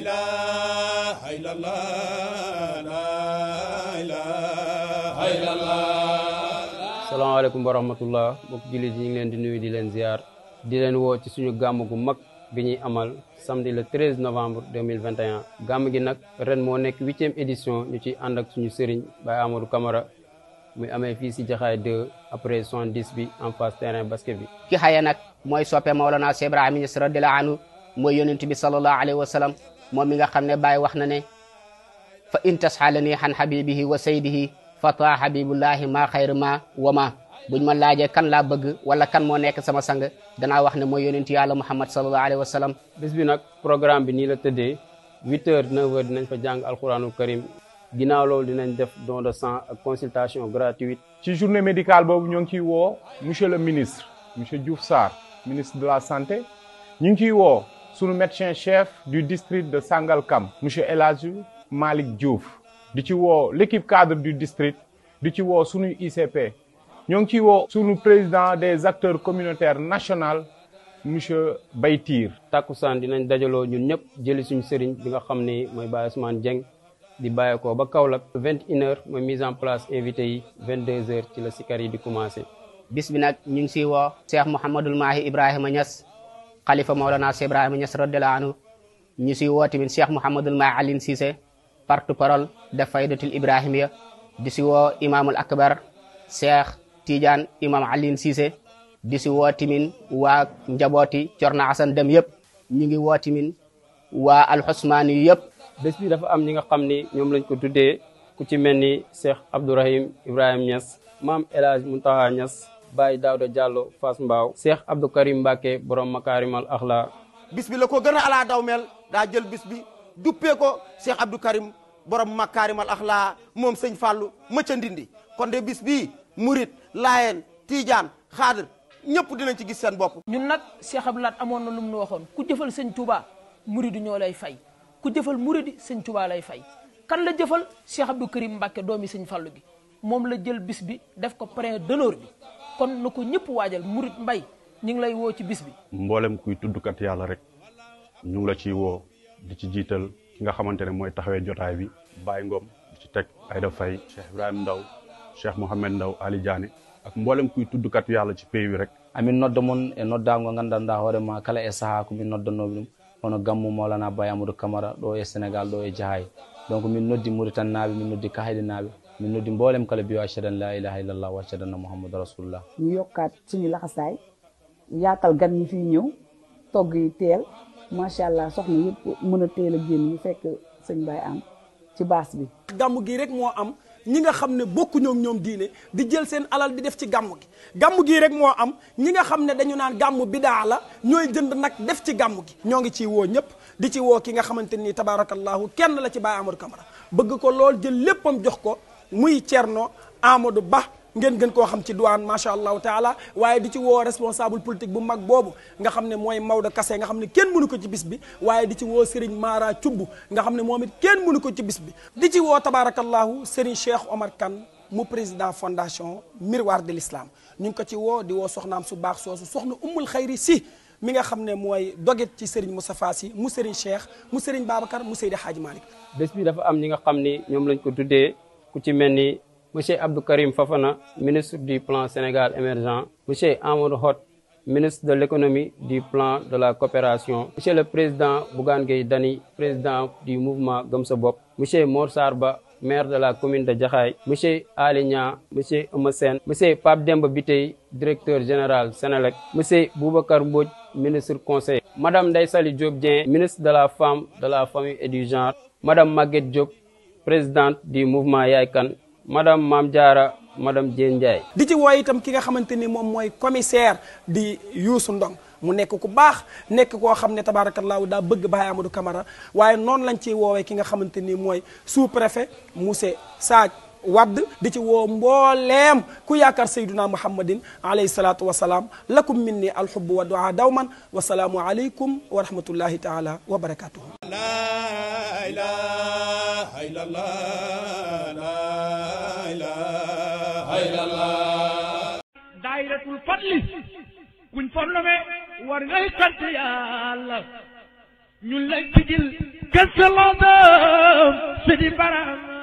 ilaha illallah la ilaha illallah salaamaaleykum wa rahmatullah mbokk jullit yi ngi leen di nuyu di leen ziar di leen woo ci suñu gàmm gu mag bi ñuy amal samedi le 13 novembre 2021 gàmm gi nag ren moo nekk huitième édition ñu ciy ànd ak suñu sëriñ Baye Amadou Camara muy amee fii si Jaxaay 2 après 70 bi en face terrain basket bi ki xaye nag mooy soppe Mawlana Cheikh Ibrahima Niass radiyallahu anhu mooy yonent bi sallallahu alayhi wa sallam moom mi nga xam ne Baay wax na ne fa in tasxalani xan xabibihi wa saydihi fata xabibullahi ma xayr ma wa ma buñ ma laajee kan laa bëgg wala kan moo nekk sama sang danaa wax ne mooy yonent yàlla muhammad sallallahu alayhi wa sallam bés bi nag programme bi nii la tëddee huit heures dinañ fa jàng alquranul karim ginnaaw loolu dinañ def don de sang ak consultation gratuite ci journée médical boobu ñoo ngi ciy woo monsieur le ministre monsieur Diouf Sarr ministre de la santé ñu ngi ciy woo sunu médecin chef du district de sangal Sangalkam monsieur El Hadj Malick Diouf di ci woo l'équipe cadre du district di ci woo sunu ICP ñoo ngi ciy woo sunu président des acteurs communautaire national monsieur Baytiir tàkkusaan dinañ dajaloo ñun ñëpp jëli suñu sëriñ bi nga xam ni mooy Baye Ousmane Dieng di bàyyeekoo ba Kaolack vingt une heure mooy mise en place invité yi vingt deux heures ci la sikar di commencé bis bi nag ñu ngi siy woo Cheikh Mouhamadul Mahi Ibrahima Niass xalifa Mawlana Cheikh Ibrahima Niass radiyallahu anhu ñu si woo tamit Cheikh Mouhamadul Maalin Cissé partu parole de faydatul Ibrahimiya di si woo imaamul akbar Cheikh Tidiane imam Alin Cissé di si woo tamit waa njabooti Corna Assane Dem yëpp ñu ngi woo tamit waa alxusmaan yi yëpp. bés bi dafa am ñi nga xam ni ñoom lañ ko tuddee ku ci mel ni Cheikh Abdourahim Ibrahim Niass maam El Hadj Mountakha Baye Daouda Diallo Fass Mbao Cheikh Abdou Karim Mbacke borom makaarimal axla bis bi la ko gën a alaa daw mel daa jël bis bi duppee ko Cheikh Abdou Karim borom makaarimal axla moom sëñ Fallou mëcca ndindi kon de bis bii murit laayeen tiijaan xaadir ñëpp dinañ ci gis seen bopp ñun nag Cheikh Abdou Lahat amoon na lu nu waxoon ku jëfal sëñ Touba muridu ñoo lay fay ku jëfal muridi sëñ Touba lay fay kan la jëfal Cheikh Abdou Karim Mbacke doomi sëñ Fallou gi moom la jël bis bi def ko parrain d'honneur bi kon na ko ñëpp murit mbay ñu ngi woo ci bis bi. mboolem kuy tuddkat yàlla rek ñu ngi la ciy woo di ci jiital ki nga xamante ne mooy taxawee jotaay bi. Baye Ngom di ci teg Aïda Faye Cheikh Ibrahima Ndaw Cheikh Mouhamed Ndaw Ali Diané ak mboolem kuy tuddkat yàlla ci pays bi rek. amin nodda mon e noddago gandanɗa hoorema kala e saaha komin noddannoɓe ɗum hono gammu mawlana baye amadou camara ɗo e sénégal ɗo e jaahay donc min noddi mauritan naaɓe min ñu noddi mboolem kala bi ashhadu an laa ilaaha illallah wa ashhadu anna muhammadu rasulullah ñu yokkaat suñu laxasaay yaatal gan ñi fiy ñëw togg yi teel macha allah soxna yëpp mën a teel a génn ñu fekk sëñ Baye am ci baas bi. gàmm gii rek moo am ñi nga xam ne bokkuñoo ñoom diine di jël seen alal di def ci gàmm gi gàmm gii rek moo am ñi nga xam ne dañu naan gàmm bidaa la ñooy jënd nag def ci gàmm gi. ñoo ngi ciy woo ñëpp di ci woo ki nga xamante ni tabaarakallahu kenn la ci Baye Amadou Camara bëgg ko lool jël léppam jox ko. muy Thierno Amadou Ba ngeen gën koo xam ci douane macha allahu taala waaye di ci woo responsable politique bu mag boobu nga xam ne mooy Maodo Kassé nga xam ne kenn mënu ko ci bis bi waaye di ci woo Serigne Mara Thioub nga xam ne moom it kenn mënu ko ci bis bi. di ci woo tabarakallahu Serigne Cheikh Omar kan mu président fondation Miroir de l'Islam ñu ngi ko ci woo di woo soxnaam su baax soosu soxna Ummul Xayri si. mi nga xam ne mooy doget ci Serigne Moustapha Sy mu Serigne Cheikh mu Serigne Babacar mu Seydi Hadji Malick bés bi dafa am ñi nga xam ni ñoom lañ ko tuddee ku ci mel ni monsieur Abdou Karim Fafana ministre du plan Sénégal émergent monsieur Amadou Hott ministre de l'économie du plan de la coopération monsieur le président Bougane Gueye Dany président du mouvement Gëm sa bopp monsieur Mor Sarba maire de la commune de Jaxaay monsieur Aly Niang monsieur Eumeu Sène monsieur Pape Demba Bitèye directeur général Sénélec monsieur Boubacar Mbodj ministre conseil madame Ndeye Saly Diop Dieng ministre de la femme de la famille et du genre madame Maguette Diop présidente du mouvement Yaay Kan madame maam Diarra madame Dieng Ndiaye. di ci wooy itam ki nga xamante ni moom mooy commissaire di Youssou Ndong mu nekk ku baax nekk koo xam ne tabaarakallaahu daa bëgg Baye Amadou kamara waaye noonu lañ ciy woowee ki nga xamante ni mooy sous-préfet monsieur Sadj Wadd di ci woo mbooleem ku yaakaar sayduna muhammadin alayhi salaatu wa salaam lakum minni alxubbu wa duaa dawman wa salaamu aleykum wa rahmatullahi taala wa barakaatuhu. daayiratul fadli kuñ fornome war ngay sant yàlla ñun lañ ci jël kese loo doon si di baram